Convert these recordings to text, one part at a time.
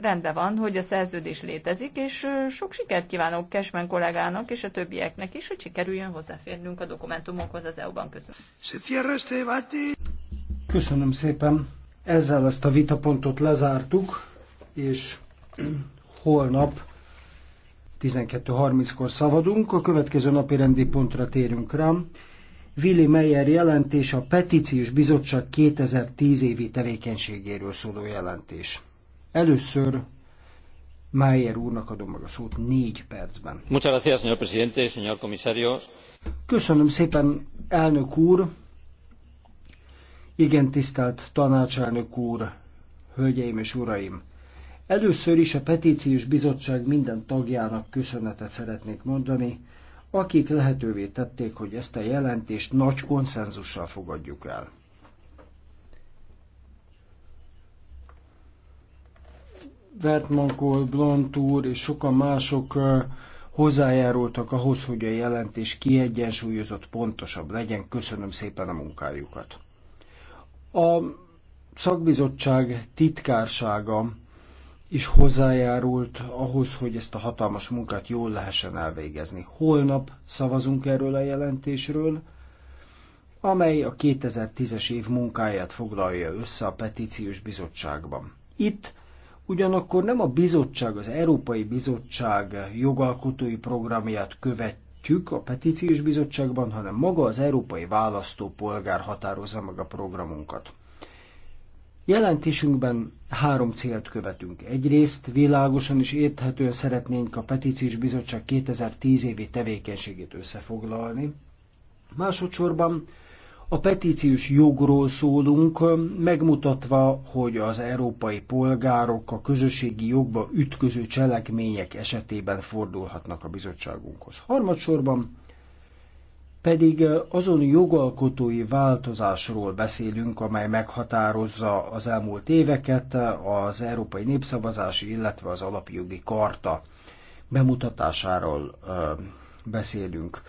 rendben van, hogy a szerződés létezik, és sok sikert kívánok Kesmen kollégának és a többieknek is, hogy sikerüljön hozzáférnünk a dokumentumokhoz az EU-ban. Köszönöm. Köszönöm szépen. Ezzel ezt a vitapontot lezártuk, és holnap 12.30-kor szavadunk, a következő napi rendi pontra térünk rám. Willy Meyer jelentés a Petíciós Bizottság 2010 évi tevékenységéről szóló jelentés. Először Mayer úrnak adom meg a szót négy percben. Muchas gracias, señor presidente, señor comisario. Köszönöm szépen, elnök úr. Igen, tisztelt tanácselnök úr, hölgyeim és uraim. Először is a petíciós bizottság minden tagjának köszönetet szeretnék mondani, akik lehetővé tették, hogy ezt a jelentést nagy konszenzussal fogadjuk el. Vertmankol, Blant úr és sokan mások hozzájárultak ahhoz, hogy a jelentés kiegyensúlyozott, pontosabb legyen. Köszönöm szépen a munkájukat. A szakbizottság titkársága is hozzájárult ahhoz, hogy ezt a hatalmas munkát jól lehessen elvégezni. Holnap szavazunk erről a jelentésről, amely a 2010-es év munkáját foglalja össze a petíciós bizottságban. Itt Ugyanakkor nem a bizottság, az Európai Bizottság jogalkotói programját követjük a petíciós bizottságban, hanem maga az európai választópolgár határozza meg a programunkat. Jelentésünkben három célt követünk. Egyrészt világosan és érthetően szeretnénk a Petíciós Bizottság 2010 évi tevékenységét összefoglalni. Másodszorban a petíciós jogról szólunk, megmutatva, hogy az európai polgárok a közösségi jogba ütköző cselekmények esetében fordulhatnak a bizottságunkhoz. Harmadsorban pedig azon jogalkotói változásról beszélünk, amely meghatározza az elmúlt éveket, az Európai Népszavazás, illetve az Alapjogi Karta bemutatásáról beszélünk.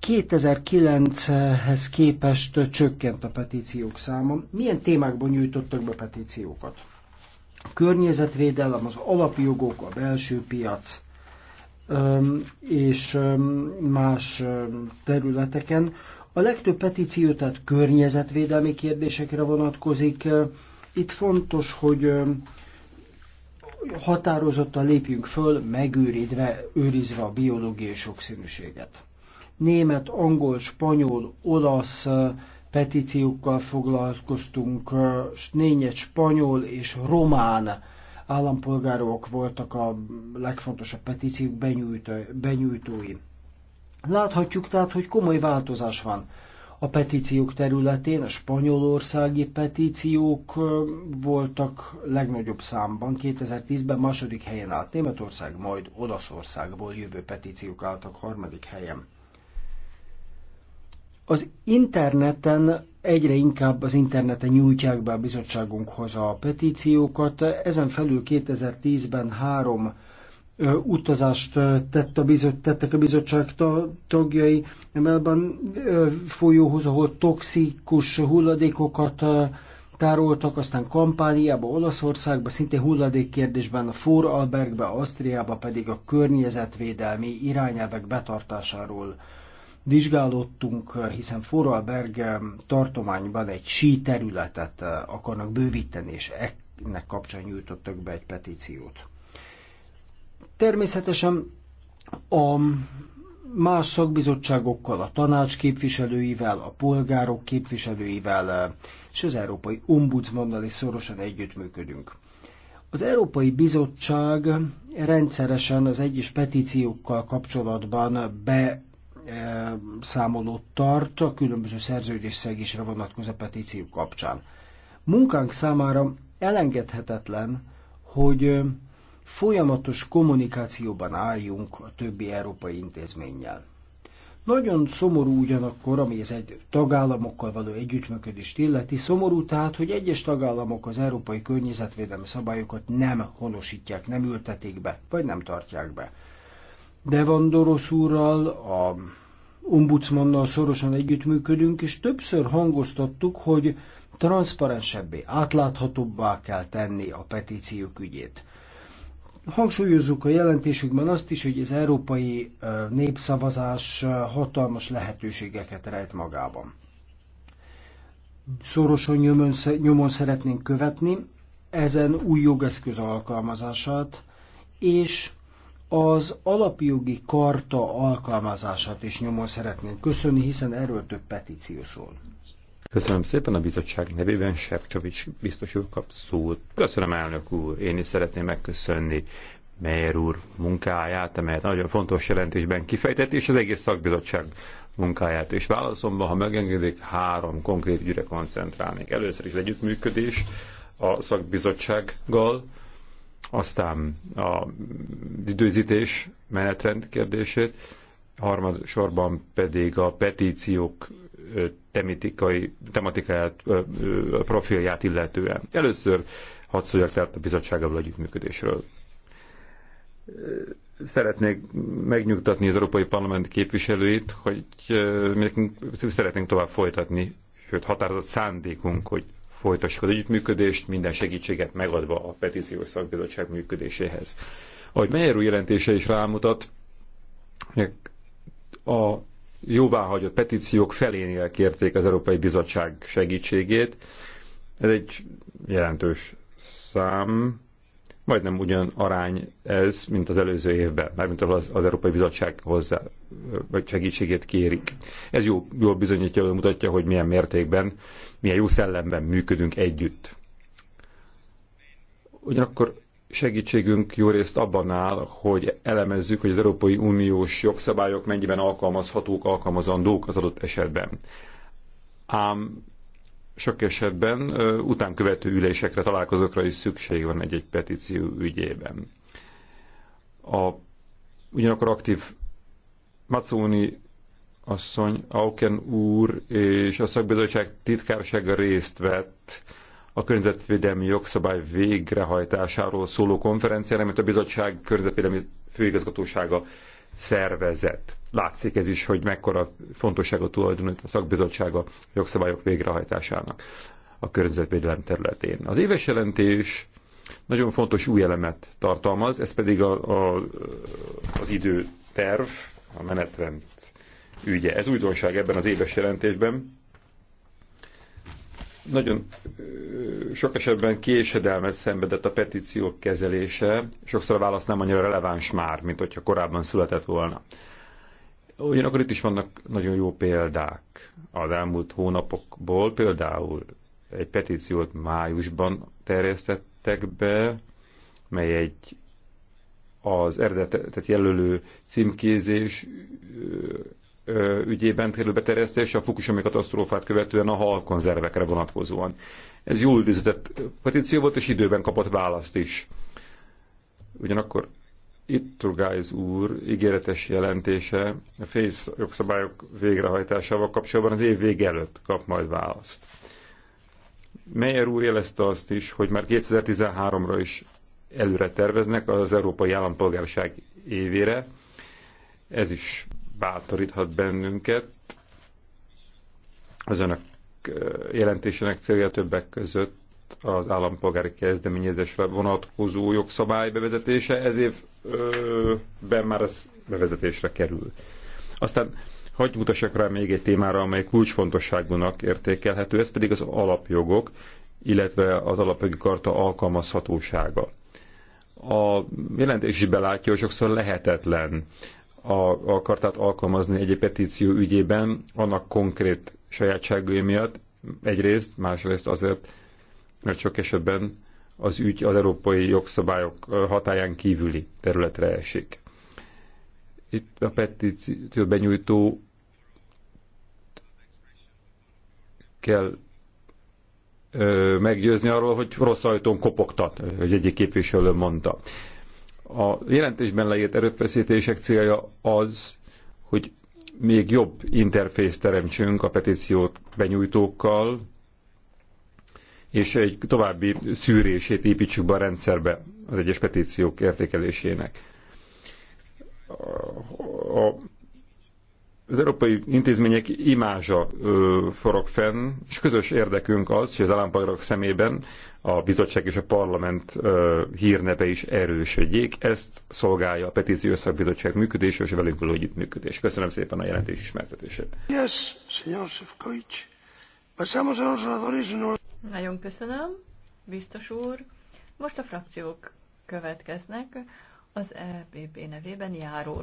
2009-hez képest csökkent a petíciók száma. Milyen témákban nyújtottak be petíciókat? A környezetvédelem, az alapjogok, a belső piac és más területeken. A legtöbb petíció tehát környezetvédelmi kérdésekre vonatkozik. Itt fontos, hogy határozottan lépjünk föl, megőrizve őrizve a biológiai sokszínűséget német, angol, spanyol, olasz petíciókkal foglalkoztunk, négyet spanyol és román állampolgárok voltak a legfontosabb petíciók benyújtói. Láthatjuk tehát, hogy komoly változás van a petíciók területén, a spanyolországi petíciók voltak legnagyobb számban, 2010-ben második helyen állt Németország, majd Olaszországból jövő petíciók álltak harmadik helyen. Az interneten egyre inkább az interneten nyújtják be a bizottságunkhoz a petíciókat. Ezen felül 2010-ben három utazást tett a bizot, tettek a bizottság tagjai Emelben folyóhoz, ahol toxikus hulladékokat tároltak, aztán Kampániába, Olaszországba, szintén hulladékkérdésben, a Foralbergbe, Ausztriába pedig a környezetvédelmi irányelvek betartásáról vizsgálódtunk, hiszen Forralberg eh, tartományban egy sí területet eh, akarnak bővíteni, és ennek kapcsán nyújtottak be egy petíciót. Természetesen a más szakbizottságokkal, a tanács képviselőivel, a polgárok képviselőivel eh, és az Európai Ombudsmannal is szorosan együttműködünk. Az Európai Bizottság rendszeresen az egyes petíciókkal kapcsolatban be E, ott tart a különböző szegésre vonatkozó petíció kapcsán. Munkánk számára elengedhetetlen, hogy folyamatos kommunikációban álljunk a többi európai intézménnyel. Nagyon szomorú ugyanakkor, ami ez egy tagállamokkal való együttműködést illeti, szomorú tehát, hogy egyes tagállamok az európai környezetvédelmi szabályokat nem honosítják, nem ültetik be, vagy nem tartják be. Devandoros úrral, a ombudsmannal szorosan együttműködünk, és többször hangoztattuk, hogy transzparensebbé, átláthatóbbá kell tenni a petíciók ügyét. Hangsúlyozzuk a jelentésükben azt is, hogy az európai népszavazás hatalmas lehetőségeket rejt magában. Szorosan nyomon, szeretnénk követni ezen új jogeszköz alkalmazását, és az alapjogi karta alkalmazását is nyomon szeretnénk köszönni, hiszen erről több petíció szól. Köszönöm szépen a bizottság nevében, Sefcsovics biztos úr kap szót. Köszönöm elnök úr, én is szeretném megköszönni Meyer úr munkáját, amelyet nagyon fontos jelentésben kifejtett, és az egész szakbizottság munkáját. És válaszomban, ha megengedik, három konkrét ügyre koncentrálnék. Először is együttműködés a szakbizottsággal, aztán a időzítés menetrend kérdését, harmad sorban pedig a petíciók tematikai, tematikáját, profilját illetően. Először hadd szóljak tehát a bizottságával együttműködésről. Szeretnék megnyugtatni az Európai Parlament képviselőit, hogy szeretnénk tovább folytatni, sőt határozott szándékunk, hogy folytassuk az együttműködést, minden segítséget megadva a petíciós szakbizottság működéséhez. Ahogy Meyer jelentése is rámutat, a jóváhagyott petíciók felénél kérték az Európai Bizottság segítségét. Ez egy jelentős szám, majdnem ugyan arány ez, mint az előző évben, mármint ahol az, az Európai Bizottság hozzá, vagy segítségét kérik. Ez jó, jól bizonyítja, hogy mutatja, hogy milyen mértékben, milyen jó szellemben működünk együtt. Ugyanakkor segítségünk jó részt abban áll, hogy elemezzük, hogy az Európai Uniós jogszabályok mennyiben alkalmazhatók, alkalmazandók az adott esetben. Ám sok esetben utánkövető ülésekre, találkozókra is szükség van egy-egy petíció ügyében. A, ugyanakkor aktív Macóni asszony, Auken úr és a szakbizottság titkársága részt vett a környezetvédelmi jogszabály végrehajtásáról szóló konferencián, amit a bizottság környezetvédelmi főigazgatósága szervezet. Látszik ez is, hogy mekkora fontosságot tulajdonít a szakbizottsága jogszabályok végrehajtásának a környezetvédelem területén. Az éves jelentés nagyon fontos új elemet tartalmaz, ez pedig a, a, az időterv, a menetrend ügye. Ez újdonság ebben az éves jelentésben, nagyon sok esetben késedelmet szenvedett a petíciók kezelése, sokszor a válasz nem annyira releváns már, mint hogyha korábban született volna. Ugyanakkor itt is vannak nagyon jó példák az elmúlt hónapokból, például egy petíciót májusban terjesztettek be, mely egy az eredetet jelölő címkézés ügyében kerül beterjesztésre a Fukushima katasztrófát követően a halkonzervekre vonatkozóan. Ez jól időzített petíció volt, és időben kapott választ is. Ugyanakkor itt Turgáiz úr ígéretes jelentése a FACE jogszabályok végrehajtásával kapcsolatban az év vége előtt kap majd választ. Meyer úr jelezte azt is, hogy már 2013-ra is előre terveznek az Európai Állampolgárság évére. Ez is bátoríthat bennünket. Az önök jelentésének célja többek között az állampolgári kezdeményezésre vonatkozó jogszabály bevezetése, ez évben már ez bevezetésre kerül. Aztán hagyj mutassak rá még egy témára, amely kulcsfontosságúnak értékelhető, ez pedig az alapjogok, illetve az alapjogi karta alkalmazhatósága. A jelentés is belátja, hogy sokszor lehetetlen a, a kartát alkalmazni egy petíció ügyében, annak konkrét sajátságai miatt, egyrészt, másrészt azért, mert sok esetben az ügy az európai jogszabályok hatáján kívüli területre esik. Itt a petíció benyújtó kell meggyőzni arról, hogy rossz ajtón kopogtat, hogy egyik képviselő mondta. A jelentésben leírt erőfeszítések célja az, hogy még jobb interfész teremtsünk a petíciót benyújtókkal, és egy további szűrését építsük be a rendszerbe az egyes petíciók értékelésének. A az európai intézmények imázsa forog fenn, és közös érdekünk az, hogy az állampolgárok szemében a bizottság és a parlament ö, hírneve is erősödjék. Ezt szolgálja a Petíció Összakbizottság működése és a velünk való együttműködés. Köszönöm szépen a jelentés ismertetését. Yes, señor Sefcovics. Pasamos a los oradores. Nagyon köszönöm, biztos úr. Most a frakciók következnek az EPP nevében járó.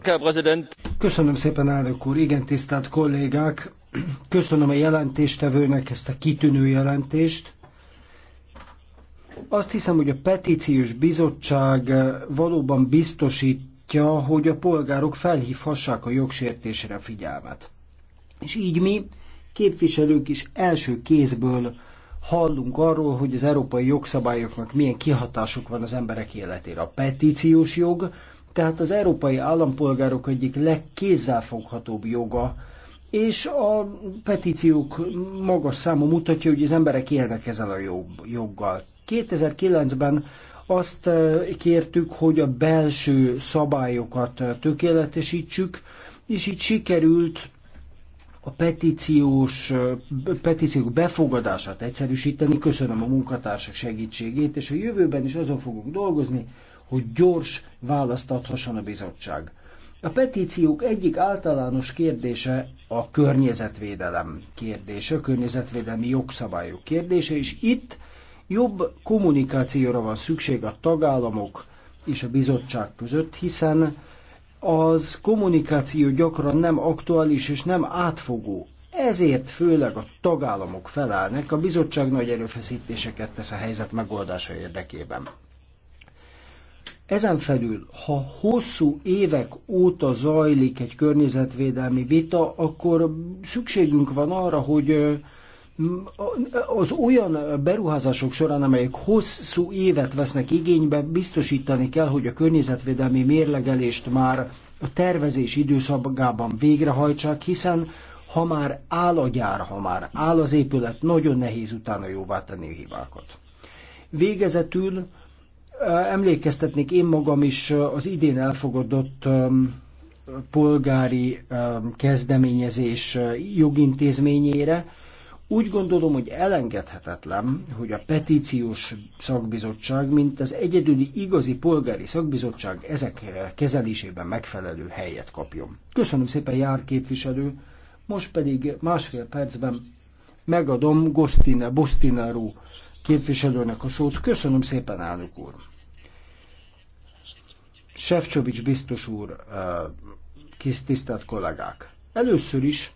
Köszönöm szépen, elnök úr. Igen, tisztelt kollégák. Köszönöm a jelentéstevőnek ezt a kitűnő jelentést. Azt hiszem, hogy a petíciós bizottság eh, valóban biztosítja, hogy a polgárok felhívhassák a jogsértésre a figyelmet. És így mi, képviselők is első kézből hallunk arról, hogy az európai jogszabályoknak milyen kihatásuk van az emberek életére. A petíciós jog, tehát az európai állampolgárok egyik legkézzelfoghatóbb joga, és a petíciók magas száma mutatja, hogy az emberek élnek ezzel a joggal. 2009-ben azt eh, kértük, hogy a belső szabályokat eh, tökéletesítsük, és így sikerült a petíciós, petíciók befogadását egyszerűsíteni. Köszönöm a munkatársak segítségét, és a jövőben is azon fogunk dolgozni, hogy gyors választ adhasson a bizottság. A petíciók egyik általános kérdése a környezetvédelem kérdése, a környezetvédelmi jogszabályok kérdése, és itt jobb kommunikációra van szükség a tagállamok és a bizottság között, hiszen az kommunikáció gyakran nem aktuális és nem átfogó. Ezért főleg a tagállamok felelnek, a bizottság nagy erőfeszítéseket tesz a helyzet megoldása érdekében. Ezen felül, ha hosszú évek óta zajlik egy környezetvédelmi vita, akkor szükségünk van arra, hogy az olyan beruházások során, amelyek hosszú évet vesznek igénybe, biztosítani kell, hogy a környezetvédelmi mérlegelést már a tervezés időszakában végrehajtsák, hiszen ha már áll a gyár, ha már áll az épület, nagyon nehéz utána jóvá tenni a hibákat. Végezetül emlékeztetnék én magam is az idén elfogadott polgári kezdeményezés jogintézményére, úgy gondolom, hogy elengedhetetlen, hogy a petíciós szakbizottság, mint az egyedüli igazi polgári szakbizottság ezek kezelésében megfelelő helyet kapjon. Köszönöm szépen, jár képviselő, most pedig másfél percben megadom Gostina, Bostinaru képviselőnek a szót. Köszönöm szépen, elnök úr! Sefcsovics biztos úr, eh, kis tisztelt kollégák! Először is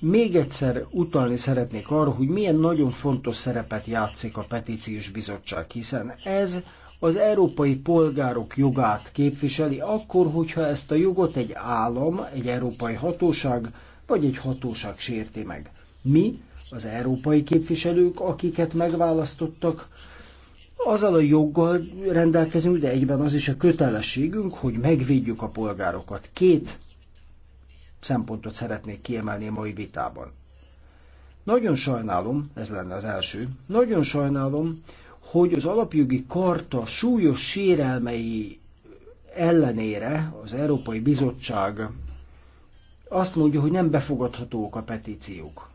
még egyszer utalni szeretnék arra, hogy milyen nagyon fontos szerepet játszik a petíciós bizottság, hiszen ez az európai polgárok jogát képviseli akkor, hogyha ezt a jogot egy állam, egy európai hatóság vagy egy hatóság sérti meg. Mi, az európai képviselők, akiket megválasztottak, azzal a joggal rendelkezünk, de egyben az is a kötelességünk, hogy megvédjük a polgárokat. Két szempontot szeretnék kiemelni a mai vitában. Nagyon sajnálom, ez lenne az első, nagyon sajnálom, hogy az alapjogi karta súlyos sérelmei ellenére az Európai Bizottság azt mondja, hogy nem befogadhatók a petíciók.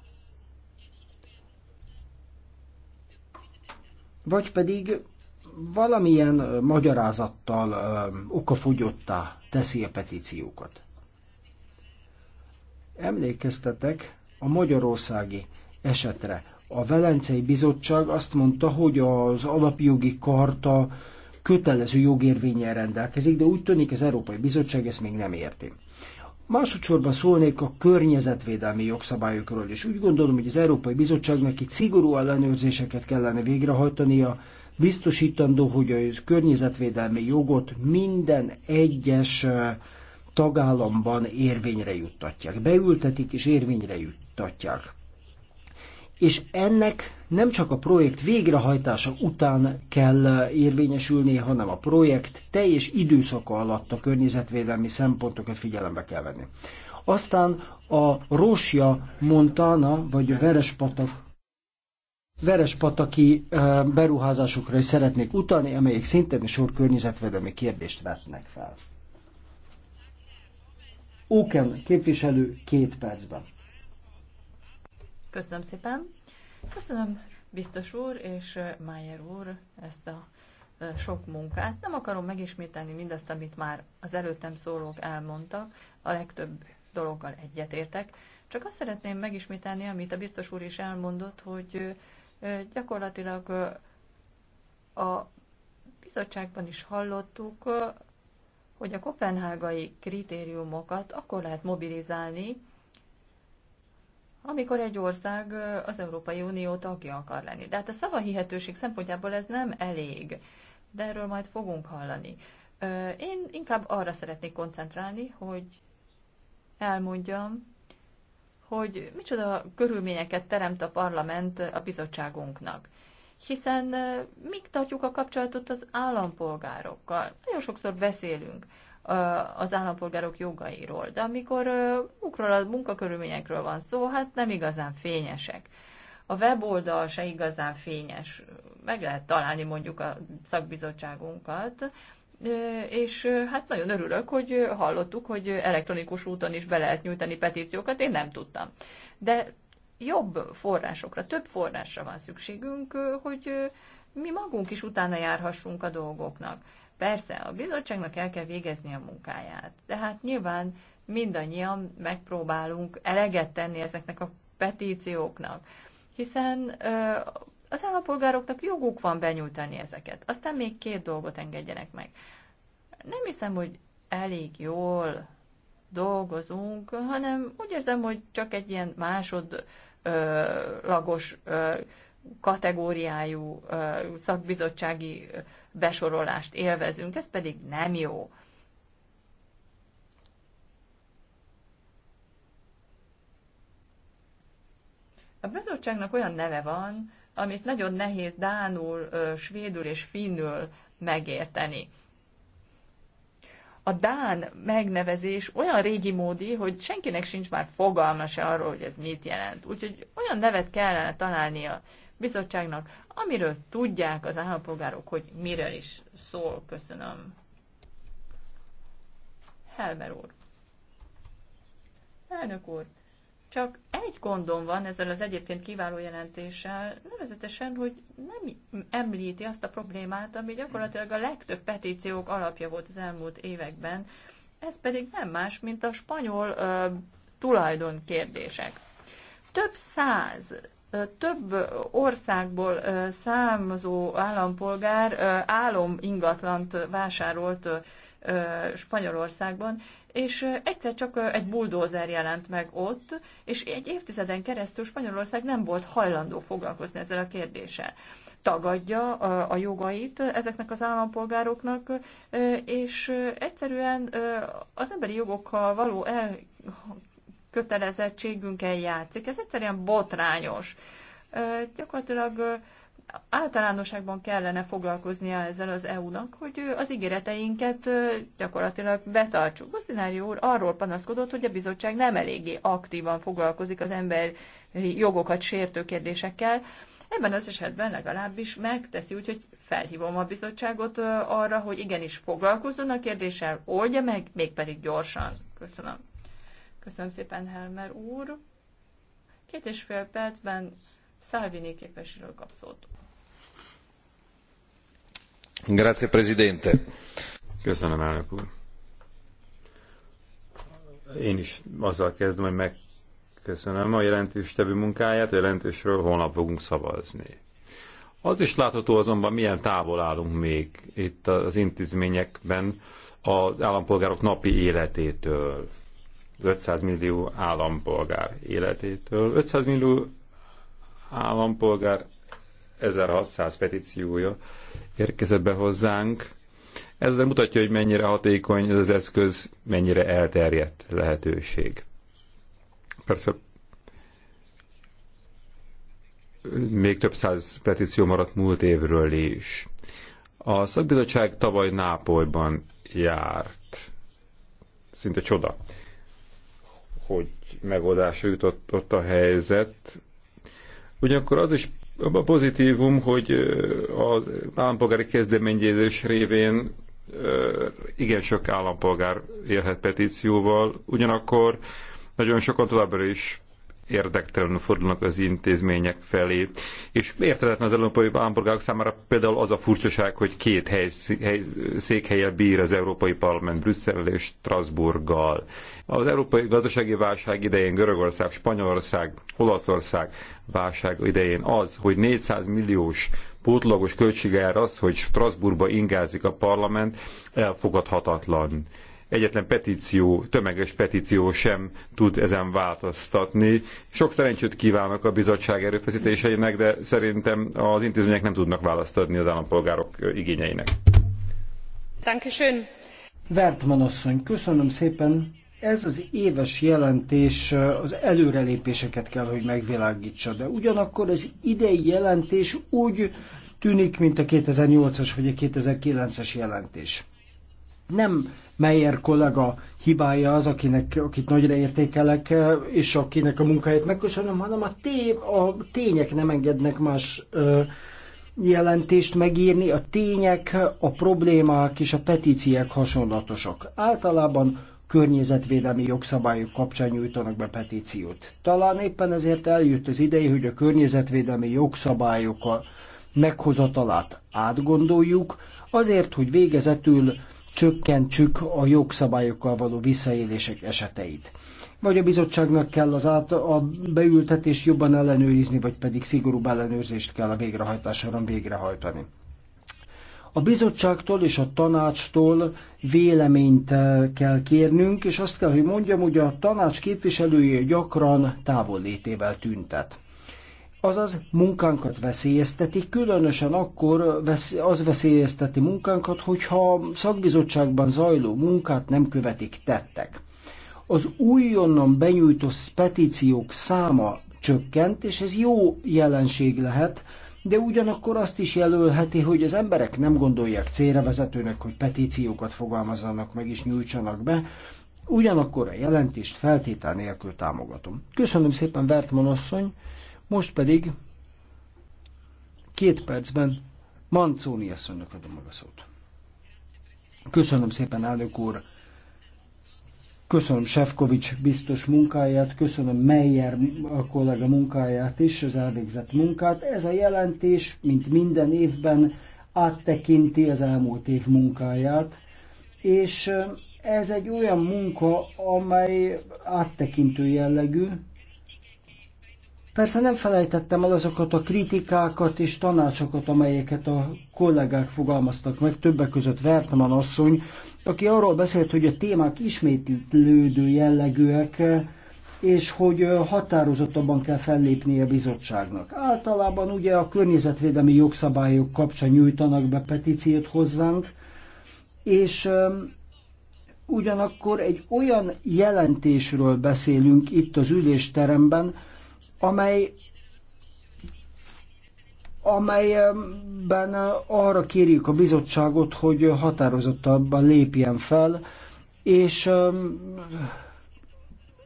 Vagy pedig valamilyen magyarázattal okafogyottá teszi a petíciókat. Emlékeztetek a magyarországi esetre. A Velencei Bizottság azt mondta, hogy az alapjogi karta kötelező jogérvényen rendelkezik, de úgy tűnik az Európai Bizottság ezt még nem érti. Másodszorban szólnék a környezetvédelmi jogszabályokról, és úgy gondolom, hogy az Európai Bizottságnak itt szigorú ellenőrzéseket kellene végrehajtania, biztosítandó, hogy a környezetvédelmi jogot minden egyes tagállamban érvényre juttatják, beültetik és érvényre juttatják. És ennek nem csak a projekt végrehajtása után kell érvényesülni, hanem a projekt teljes időszaka alatt a környezetvédelmi szempontokat figyelembe kell venni. Aztán a Rósja Montana, vagy a Verespatak Verespataki beruházásokra is szeretnék utalni, amelyek szintén sor környezetvédelmi kérdést vetnek fel. Óken képviselő két percben. Köszönöm szépen. Köszönöm biztos úr és Májer úr ezt a sok munkát. Nem akarom megismételni mindazt, amit már az előttem szólók elmondtak, a legtöbb dologgal egyetértek. Csak azt szeretném megismételni, amit a biztos úr is elmondott, hogy gyakorlatilag a bizottságban is hallottuk, hogy a kopenhágai kritériumokat akkor lehet mobilizálni, amikor egy ország az Európai Unió tagja akar lenni. De hát a szavahihetőség szempontjából ez nem elég, de erről majd fogunk hallani. Én inkább arra szeretnék koncentrálni, hogy elmondjam, hogy micsoda körülményeket teremt a parlament a bizottságunknak hiszen még tartjuk a kapcsolatot az állampolgárokkal. Nagyon sokszor beszélünk az állampolgárok jogairól, de amikor ukról a munkakörülményekről van szó, hát nem igazán fényesek. A weboldal se igazán fényes. Meg lehet találni mondjuk a szakbizottságunkat, és hát nagyon örülök, hogy hallottuk, hogy elektronikus úton is be lehet nyújtani petíciókat, én nem tudtam. De jobb forrásokra, több forrásra van szükségünk, hogy mi magunk is utána járhassunk a dolgoknak. Persze, a bizottságnak el kell végezni a munkáját, de hát nyilván mindannyian megpróbálunk eleget tenni ezeknek a petícióknak, hiszen az állampolgároknak joguk van benyújtani ezeket. Aztán még két dolgot engedjenek meg. Nem hiszem, hogy elég jól dolgozunk, hanem úgy érzem, hogy csak egy ilyen másod lagos kategóriájú szakbizottsági besorolást élvezünk, ez pedig nem jó. A bizottságnak olyan neve van, amit nagyon nehéz dánul, svédül és finnül megérteni a Dán megnevezés olyan régi módi, hogy senkinek sincs már fogalma se arról, hogy ez mit jelent. Úgyhogy olyan nevet kellene találni a bizottságnak, amiről tudják az állampolgárok, hogy miről is szól. Köszönöm. Helmer úr. Elnök úr, csak egy gondom van ezzel az egyébként kiváló jelentéssel, nevezetesen, hogy nem említi azt a problémát, ami gyakorlatilag a legtöbb petíciók alapja volt az elmúlt években, ez pedig nem más, mint a spanyol uh, tulajdon kérdések. Több száz, uh, több országból uh, származó állampolgár uh, álom ingatlant vásárolt uh, Spanyolországban, és egyszer csak egy buldózer jelent meg ott, és egy évtizeden keresztül Spanyolország nem volt hajlandó foglalkozni ezzel a kérdéssel. Tagadja a jogait ezeknek az állampolgároknak, és egyszerűen az emberi jogokkal való elkötelezettségünkkel játszik. Ez egyszerűen botrányos. Gyakorlatilag általánosságban kellene foglalkoznia ezzel az EU-nak, hogy az ígéreteinket gyakorlatilag betartsuk. Bosztinári úr arról panaszkodott, hogy a bizottság nem eléggé aktívan foglalkozik az emberi jogokat sértő kérdésekkel. Ebben az esetben legalábbis megteszi, úgyhogy felhívom a bizottságot arra, hogy igenis foglalkozzon a kérdéssel, oldja meg, mégpedig gyorsan. Köszönöm. Köszönöm szépen, Helmer úr. Két és fél percben Salvini képviselő kap szót. Grazie, Presidente. Köszönöm, elnök úr. Én is azzal kezdem, hogy megköszönöm a jelentéstevő munkáját, a jelentésről holnap fogunk szavazni. Az is látható azonban, milyen távol állunk még itt az intézményekben az állampolgárok napi életétől, 500 millió állampolgár életétől. 500 millió állampolgár 1600 petíciója érkezett be hozzánk. Ez mutatja, hogy mennyire hatékony ez az eszköz, mennyire elterjedt lehetőség. Persze még több száz petíció maradt múlt évről is. A szakbizottság tavaly Nápolyban járt. Szinte csoda, hogy megoldásra jutott ott a helyzet. Ugyanakkor az is a pozitívum, hogy az állampolgári kezdeményezés révén igen sok állampolgár élhet petícióval, ugyanakkor nagyon sokan továbbra is érdektelenül fordulnak az intézmények felé. És érthetetlen az európai állampolgárok számára például az a furcsaság, hogy két hely, hely, székhelye bír az Európai Parlament Brüsszel és Strasburggal. Az európai gazdasági válság idején Görögország, Spanyolország, Olaszország válság idején az, hogy 400 milliós pótlagos költsége az, hogy Strasbourgba ingázik a parlament, elfogadhatatlan egyetlen petíció, tömeges petíció sem tud ezen változtatni. Sok szerencsét kívánok a bizottság erőfeszítéseinek, de szerintem az intézmények nem tudnak választ adni az állampolgárok igényeinek. Dankeschön. Vertman asszony, köszönöm szépen. Ez az éves jelentés eh, az előrelépéseket kell, hogy megvilágítsa, de ugyanakkor az idei jelentés úgy tűnik, mint a 2008-as vagy a 2009-es jelentés nem Meyer kollega hibája az, akinek, akit nagyra értékelek, eh, és akinek a munkáját megköszönöm, hanem a, té, a tények nem engednek más ö, eh, jelentést megírni. A tények, a problémák és a petíciák hasonlatosak. Általában környezetvédelmi jogszabályok kapcsán nyújtanak be petíciót. Talán éppen ezért eljött az ideje, hogy a környezetvédelmi a meghozatalát átgondoljuk, azért, hogy végezetül csökkentsük a jogszabályokkal való visszaélések eseteit. Vagy a bizottságnak kell az át, a beültetést jobban ellenőrizni, vagy pedig szigorúbb ellenőrzést kell a végrehajtás során végrehajtani. A bizottságtól és a tanácstól véleményt eh, kell kérnünk, és azt kell, hogy mondjam, hogy a tanács képviselője gyakran távollétével tüntet azaz munkánkat veszélyezteti, különösen akkor az veszélyezteti munkánkat, hogyha szakbizottságban zajló munkát nem követik tettek. Az újonnan benyújtott petíciók száma csökkent, és ez jó jelenség lehet, de ugyanakkor azt is jelölheti, hogy az emberek nem gondolják célra vezetőnek, hogy petíciókat fogalmazzanak meg és nyújtsanak be, ugyanakkor a jelentést feltétel nélkül támogatom. Köszönöm szépen, Vertman asszony! Most pedig két percben Mancóni asszonynak adom meg a szót. Köszönöm szépen, elnök úr! Köszönöm Sefkovics biztos munkáját, köszönöm Meyer a kollega munkáját is, az elvégzett munkát. Ez a jelentés, mint minden évben, áttekinti az elmúlt év munkáját, és ez egy olyan munka, amely áttekintő jellegű, Persze nem felejtettem el azokat a kritikákat és tanácsokat, amelyeket a kollégák fogalmaztak meg, többek között Vertman asszony, aki arról beszélt, hogy a témák ismétlődő jellegűek, és hogy határozottabban kell fellépnie a bizottságnak. Általában ugye a környezetvédelmi jogszabályok kapcsán nyújtanak be petíciót hozzánk, és ugyanakkor egy olyan jelentésről beszélünk itt az ülésteremben, amely amelyben arra kérjük a bizottságot, hogy határozottabban lépjen fel, és um,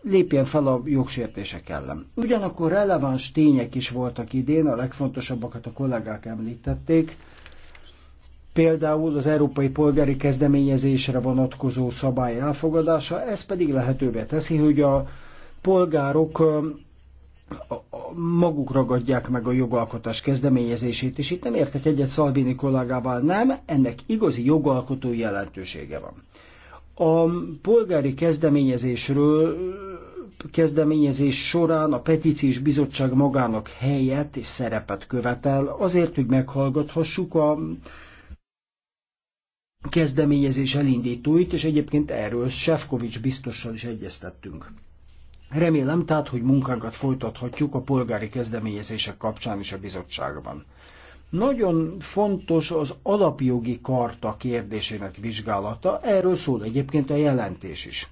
lépjen fel a jogsértések ellen. Ugyanakkor releváns tények is voltak idén, a legfontosabbakat a kollégák említették, például az európai polgári kezdeményezésre vonatkozó szabály elfogadása, ez pedig lehetővé teszi, hogy a polgárok um, maguk ragadják meg a jogalkotás kezdeményezését, és itt nem értek egyet Szalvini kollégával, nem, ennek igazi jogalkotói jelentősége van. A polgári kezdeményezésről kezdeményezés során a petíciós bizottság magának helyet és szerepet követel, azért, hogy meghallgathassuk a kezdeményezés elindítóit, és egyébként erről Sefkovics biztossal is egyeztettünk. Remélem tehát, hogy munkánkat folytathatjuk a polgári kezdeményezések kapcsán is a bizottságban. Nagyon fontos az alapjogi karta kérdésének vizsgálata, erről szól egyébként a jelentés is.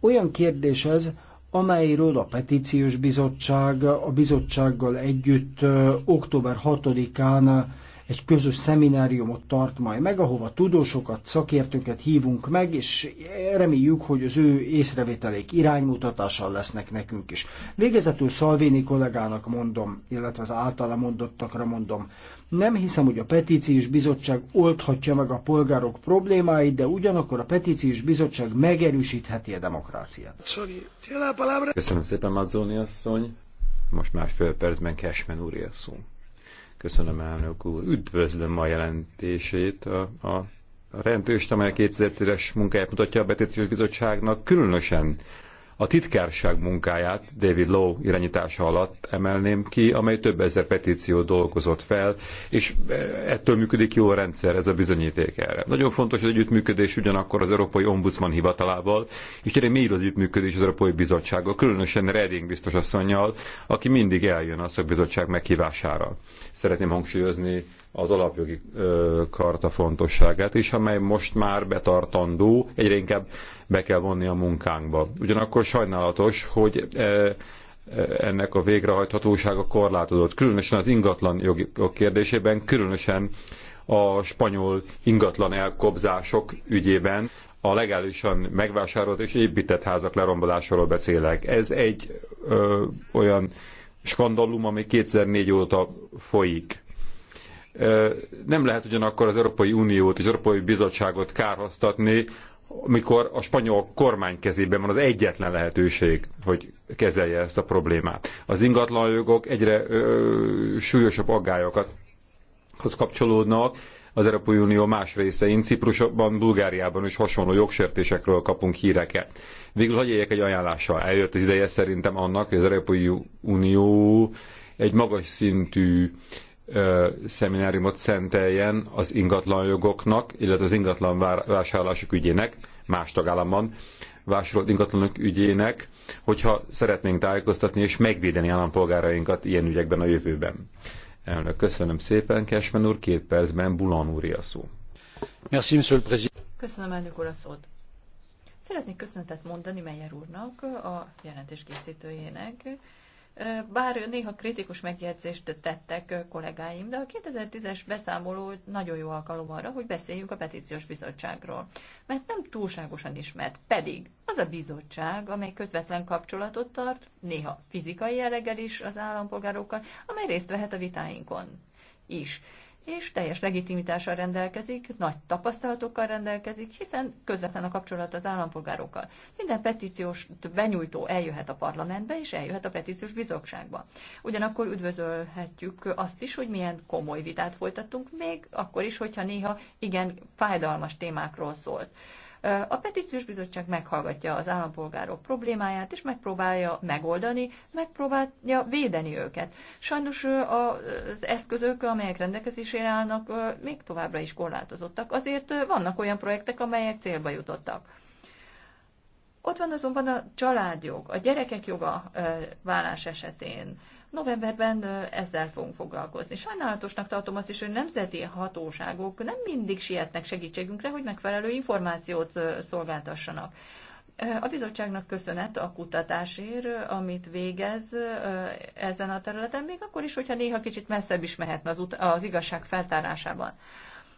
Olyan kérdés ez, amelyről a petíciós bizottság a bizottsággal együtt október 6-án egy közös szemináriumot tart majd meg, ahova tudósokat, szakértőket hívunk meg, és reméljük, hogy az ő észrevételék iránymutatással lesznek nekünk is. Végezetül Szalvéni kollégának mondom, illetve az általa mondottakra mondom, nem hiszem, hogy a petíciós bizottság oldhatja meg a polgárok problémáit, de ugyanakkor a petíciós bizottság megerősítheti a demokráciát. Köszönöm szépen, Mazzoni asszony. Most már fölpercben Kesmen úr szó. Köszönöm, elnök úr. Üdvözlöm a jelentését. A, a, a jelentőst, amely a 2010-es munkáját mutatja a Betétes Bizottságnak, különösen a titkárság munkáját David Lowe irányítása alatt emelném ki, amely több ezer petíció dolgozott fel, és ettől működik jó a rendszer, ez a bizonyíték erre. Nagyon fontos az együttműködés ugyanakkor az Európai Ombudsman hivatalával, és tényleg mi az együttműködés az Európai Bizottsággal, különösen Reding biztos asszonyjal, aki mindig eljön a szakbizottság meghívására. Szeretném hangsúlyozni az alapjogi ö, karta fontosságát is, amely most már betartandó, egyre inkább be kell vonni a munkánkba. Ugyanakkor sajnálatos, hogy ö, ennek a végrehajthatósága korlátozott, különösen az ingatlan jogi kérdésében, különösen a spanyol ingatlan elkobzások ügyében a legálisan megvásárolt és épített házak lerombolásáról beszélek. Ez egy ö, olyan skandallum, ami 2004 óta folyik. Nem lehet ugyanakkor az Európai Uniót és az Európai Bizottságot kárhoztatni, mikor a spanyol kormány kezében van az egyetlen lehetőség, hogy kezelje ezt a problémát. Az ingatlanjogok egyre ö, súlyosabb aggályokat kapcsolódnak, az Európai Unió más részein, Ciprusban, Bulgáriában is hasonló jogsértésekről kapunk híreket. Végül hogy egy ajánlással. Eljött az ideje szerintem annak, hogy az Európai Unió egy magas szintű ö, szemináriumot szenteljen az ingatlanjogoknak, illetve az ingatlan vásárlások ügyének, más tagállamban vásárolt ingatlanok ügyének, hogyha szeretnénk tájékoztatni és megvédeni állampolgárainkat ilyen ügyekben a jövőben. Elnök, köszönöm szépen, Kesmen úr, két percben Bulan úr a szó. Merci, monsieur le président. Köszönöm, elnök úr, a szót. Szeretnék köszönetet mondani Meyer úrnak, a jelentés készítőjének, bár néha kritikus megjegyzést tettek kollégáim, de a 2010-es beszámoló nagyon jó alkalom arra, hogy beszéljünk a petíciós bizottságról. Mert nem túlságosan ismert, pedig az a bizottság, amely közvetlen kapcsolatot tart, néha fizikai jelleggel is az állampolgárokkal, amely részt vehet a vitáinkon is és teljes legitimitással rendelkezik, nagy tapasztalatokkal rendelkezik, hiszen közvetlen a kapcsolat az állampolgárokkal. Minden petíciós benyújtó eljöhet a parlamentbe, és eljöhet a petíciós bizottságba. Ugyanakkor üdvözölhetjük azt is, hogy milyen komoly vitát folytattunk, még akkor is, hogyha néha igen fájdalmas témákról szólt. A petíciós bizottság meghallgatja az állampolgárok problémáját, és megpróbálja megoldani, megpróbálja védeni őket. Sajnos az eszközök, amelyek rendelkezésére állnak, még továbbra is korlátozottak. Azért vannak olyan projektek, amelyek célba jutottak. Ott van azonban a családjog, a gyerekek joga válás esetén Novemberben ezzel fogunk foglalkozni. Sajnálatosnak tartom azt is, hogy nemzeti hatóságok nem mindig sietnek segítségünkre, hogy megfelelő információt szolgáltassanak. A bizottságnak köszönet a kutatásért, amit végez ezen a területen, még akkor is, hogyha néha kicsit messzebb is mehetne az, az igazság feltárásában.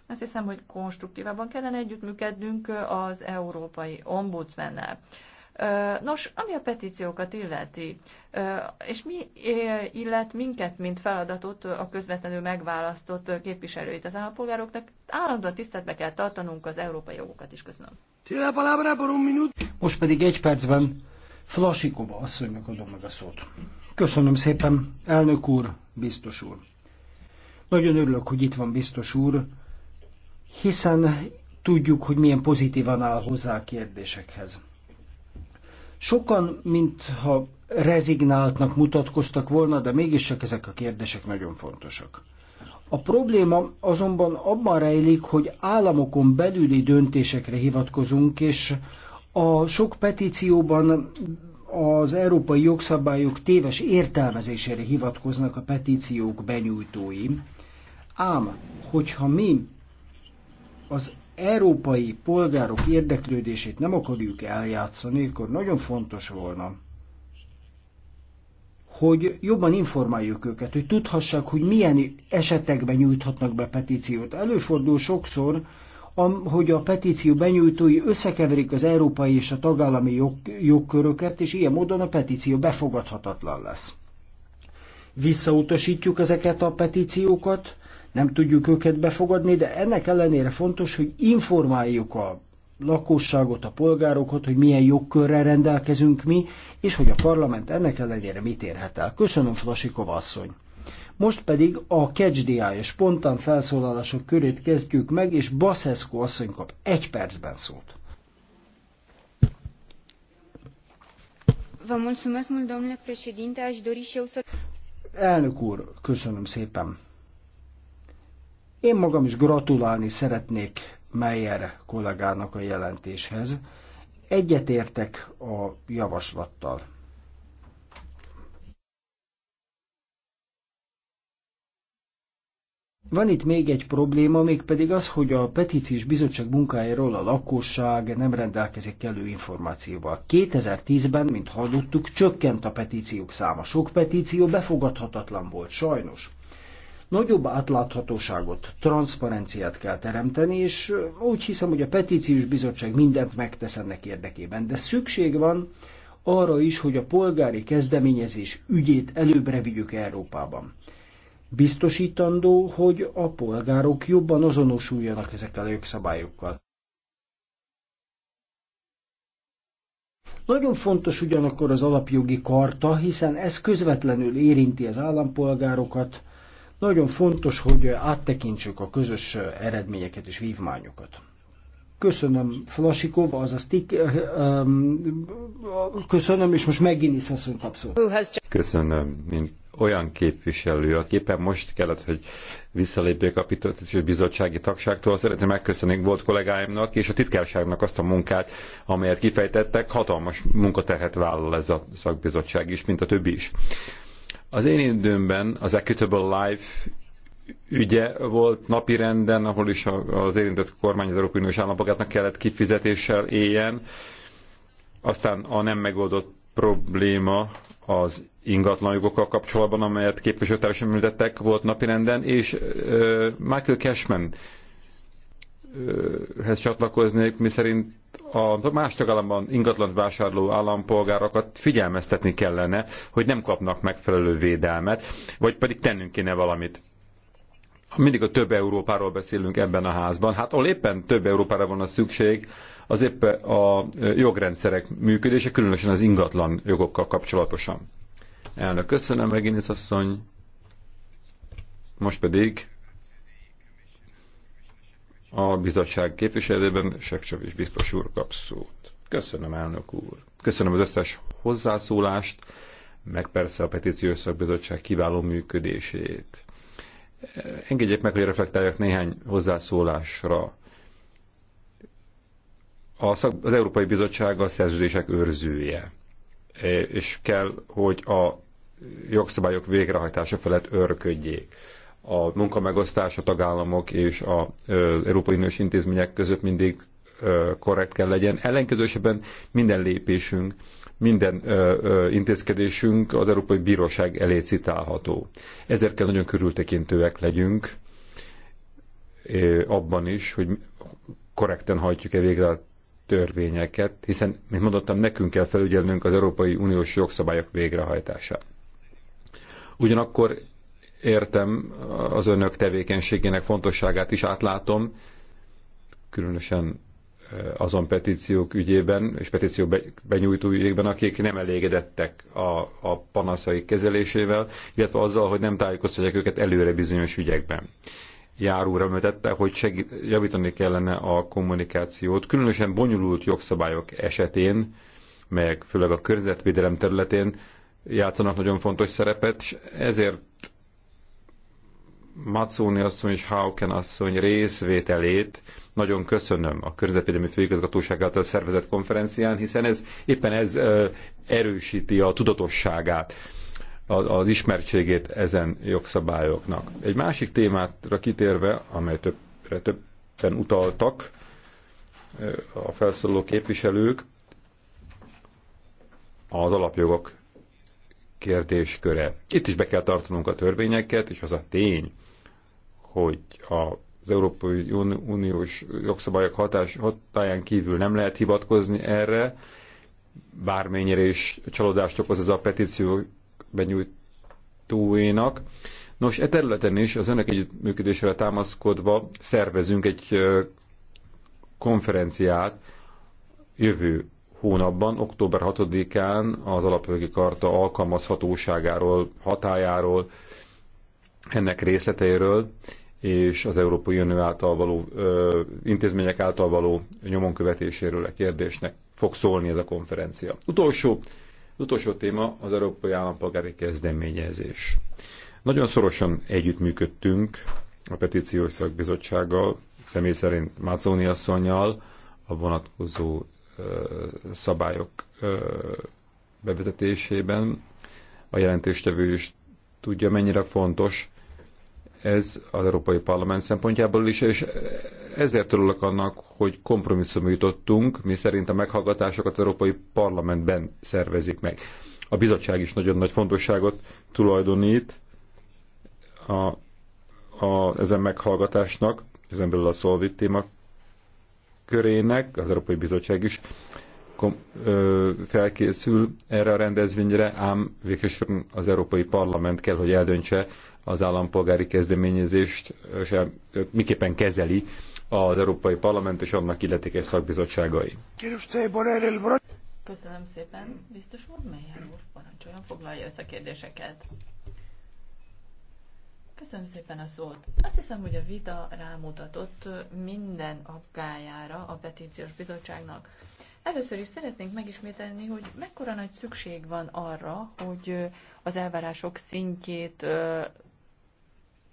Azt hiszem, hogy konstruktívában kellene együttműködnünk az európai ombudsmennel. Nos, ami a petíciókat illeti, és mi illet minket, mint feladatot a közvetlenül megválasztott képviselőit az állampolgároknak, állandóan tiszteletbe kell tartanunk az európai jogokat is. Köszönöm. Most pedig egy percben Flasikova asszonynak adom meg a szót. Köszönöm szépen, elnök úr, biztos úr. Nagyon örülök, hogy itt van biztos úr, hiszen tudjuk, hogy milyen pozitívan áll hozzá a kérdésekhez. Sokan, mintha rezignáltnak mutatkoztak volna, de mégis ezek a kérdések nagyon fontosak. A probléma azonban abban rejlik, hogy államokon belüli döntésekre hivatkozunk, és a sok petícióban az európai jogszabályok téves értelmezésére hivatkoznak a petíciók benyújtói. Ám, hogyha mi az európai polgárok érdeklődését nem akarjuk eljátszani, akkor nagyon fontos volna, hogy jobban informáljuk őket, hogy tudhassák, hogy milyen esetekben nyújthatnak be petíciót. Előfordul sokszor, hogy a petíció benyújtói összekeverik az európai és a tagállami jog, jogköröket, és ilyen módon a petíció befogadhatatlan lesz. Visszautasítjuk ezeket a petíciókat, nem tudjuk őket befogadni, de ennek ellenére fontos, hogy informáljuk a lakosságot, a polgárokat, hogy milyen jogkörrel rendelkezünk mi, és hogy a parlament ennek ellenére mit érhet el. Köszönöm, Flasikova asszony! Most pedig a KCDI és spontán felszólalások körét kezdjük meg, és Baszeszko asszony kap egy percben szót. Vă mulțumesc mult, domnule președinte, aș dori și eu să... Elnök úr, köszönöm szépen. Én magam is gratulálni szeretnék Meyer kollégának a jelentéshez. Egyetértek a javaslattal. Van itt még egy probléma, mégpedig az, hogy a petíciós bizottság munkájáról a lakosság nem rendelkezik kellő információval. 2010-ben, mint hallottuk, csökkent a petíciók száma. Sok petíció befogadhatatlan volt, sajnos. Nagyobb átláthatóságot, transzparenciát kell teremteni, és úgy hiszem, hogy a petíciós bizottság mindent megtesz ennek érdekében, de szükség van arra is, hogy a polgári kezdeményezés ügyét előbbre vigyük Európában. Biztosítandó, hogy a polgárok jobban azonosuljanak ezekkel a jogszabályokkal. Nagyon fontos ugyanakkor az alapjogi karta, hiszen ez közvetlenül érinti az állampolgárokat, nagyon fontos, hogy áttekintsük a közös eredményeket és vívmányokat. Köszönöm, Flasikov, azaz tik, um, köszönöm, és most megint is asszony Köszönöm, mint olyan képviselő, aki éppen most kellett, hogy visszalépjék a Pitaticius Bizottsági tagságtól. Szeretném megköszönni volt kollégáimnak és a titkárságnak azt a munkát, amelyet kifejtettek. Hatalmas munkaterhet vállal ez a szakbizottság is, mint a többi is. Az én időmben az Equitable Life ügye volt napi renden, ahol is az érintett kormány az Európai Uniós állampolgárnak kellett kifizetéssel éljen. Aztán a nem megoldott probléma az jogokkal kapcsolatban, amelyet képviselőtársaim említettek, volt napirenden, és Michael Cashman hez csatlakoznék, miszerint a más tagállamban ingatlant vásárló állampolgárokat figyelmeztetni kellene, hogy nem kapnak megfelelő védelmet, vagy pedig tennünk kéne valamit. Mindig a több Európáról beszélünk ebben a házban. Hát ahol éppen több Európára van a szükség, az éppen a jogrendszerek működése, különösen az ingatlan jogokkal kapcsolatosan. Elnök, köszönöm, Reginis asszony. Most pedig a bizottság képviselőben is biztos úr kap szót. Köszönöm, elnök úr. Köszönöm az összes hozzászólást, meg persze a petíciós szakbizottság kiváló működését. Engedjék meg, hogy reflektáljak néhány hozzászólásra. A szak, az Európai Bizottság a szerződések őrzője, és kell, hogy a jogszabályok végrehajtása felett örködjék a munkamegosztás a tagállamok és az Európai Uniós intézmények között mindig korrekt kell legyen. Ellenkező esetben minden lépésünk, minden intézkedésünk az Európai Bíróság elé citálható. Ezért kell nagyon körültekintőek legyünk abban is, hogy korrekten hajtjuk-e végre a törvényeket, hiszen, mint mondottam, nekünk kell felügyelnünk az Európai Uniós jogszabályok végrehajtását. Ugyanakkor értem az önök tevékenységének fontosságát is átlátom, különösen eh, azon petíciók ügyében és petíció benyújtó ügyében, akik nem elégedettek a, a panaszaik kezelésével, illetve azzal, hogy nem tájékoztatják őket előre bizonyos ügyekben. Jár úr említette, hogy segít, javítani kellene a kommunikációt, különösen bonyolult jogszabályok esetén, melyek főleg a környezetvédelem területén játszanak nagyon fontos szerepet, és ezért Macóni asszony és Hauken asszony részvételét nagyon köszönöm a Környezetvédelmi Főigazgatóság által szervezett konferencián, hiszen ez éppen ez erősíti a tudatosságát, az ismertségét ezen jogszabályoknak. Egy másik témátra kitérve, amely többre többen utaltak a felszóló képviselők, az alapjogok kérdésköre. Itt is be kell tartanunk a törvényeket, és az a tény, hogy az Európai Uniós jogszabályok hatás, hatáján kívül nem lehet hivatkozni erre, bármennyire is csalódást okoz ez a petíció benyújtóinak. Nos, e területen is az önök együttműködésre támaszkodva szervezünk egy konferenciát jövő hónapban, október 6-án az alapjogi karta alkalmazhatóságáról, hatájáról, ennek részleteiről, és az Európai Unió által való ö, intézmények által való nyomon követéséről a kérdésnek fog szólni ez a konferencia. Utolsó, az utolsó téma az Európai Állampolgári Kezdeményezés. Nagyon szorosan együttműködtünk a petíciós szakbizottsággal, személy szerint Mácóni asszonynal, a vonatkozó ö, szabályok ö, bevezetésében. A jelentéstevő is tudja, mennyire fontos, ez az Európai Parlament szempontjából is, és ezért örülök annak, hogy kompromisszum jutottunk, mi szerint a meghallgatásokat az Európai Parlamentben szervezik meg. A bizottság is nagyon nagy fontosságot tulajdonít a, a, ezen meghallgatásnak, ezen belül a Szolvit téma körének, az Európai Bizottság is kom, ö, felkészül erre a rendezvényre, ám végül az Európai Parlament kell, hogy eldöntse, az állampolgári kezdeményezést és miképpen kezeli az Európai Parlament és annak illetékes szakbizottságai. Köszönöm szépen. Biztos úr, melyen úr, parancsoljon, foglalja össze a kérdéseket. Köszönöm szépen a szót. Azt hiszem, hogy a vita rámutatott minden aggájára a petíciós bizottságnak. Először is szeretnénk megismételni, hogy mekkora nagy szükség van arra, hogy az elvárások szintjét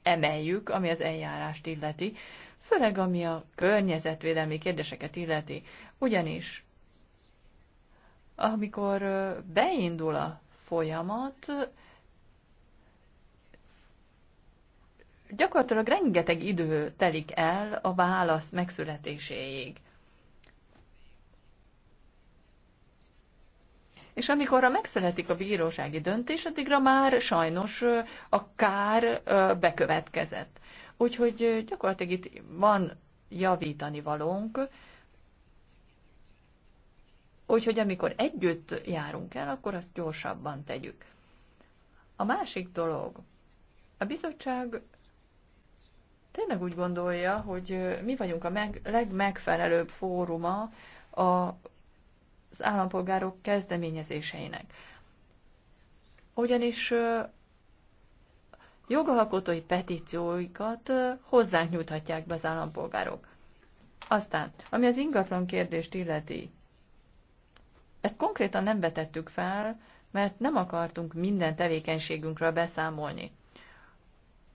emeljük, ami az eljárást illeti, főleg ami a környezetvédelmi kérdéseket illeti. Ugyanis, amikor beindul a folyamat, gyakorlatilag rengeteg idő telik el a válasz megszületéséig. és amikor megszületik a bírósági döntés, addigra már sajnos a kár bekövetkezett. Úgyhogy gyakorlatilag itt van javítani valónk, úgyhogy amikor együtt járunk el, akkor azt gyorsabban tegyük. A másik dolog, a bizottság tényleg úgy gondolja, hogy mi vagyunk a meg, legmegfelelőbb fóruma a az állampolgárok kezdeményezéseinek. Ugyanis jogalkotói petícióikat hozzánk nyújthatják be az állampolgárok. Aztán, ami az ingatlan kérdést illeti, ezt konkrétan nem vetettük fel, mert nem akartunk minden tevékenységünkről beszámolni.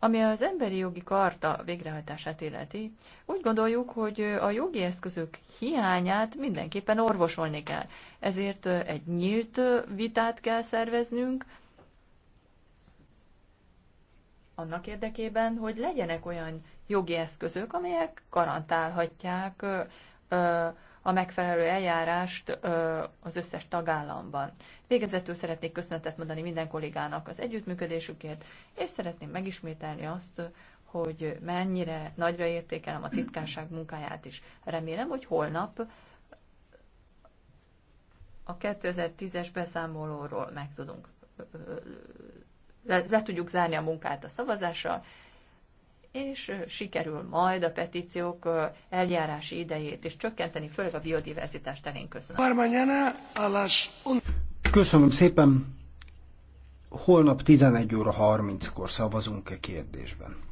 Ami az emberi jogi karta végrehajtását illeti, úgy gondoljuk, hogy a jogi eszközök hiányát mindenképpen orvosolni kell. Ezért egy nyílt vitát kell szerveznünk, annak érdekében, hogy legyenek olyan jogi eszközök, amelyek garantálhatják a megfelelő eljárást az összes tagállamban. Végezetül szeretnék köszönetet mondani minden kollégának az együttműködésükért, és szeretném megismételni azt, hogy mennyire nagyra értékelem a titkárság munkáját is. Remélem, hogy holnap a 2010-es beszámolóról meg tudunk, le, le tudjuk zárni a munkát a szavazással, és sikerül majd a petíciók eljárási idejét is csökkenteni, főleg a biodiverzitás terén. Köszönöm. Köszönöm szépen. Holnap 11 óra 30-kor szavazunk e kérdésben.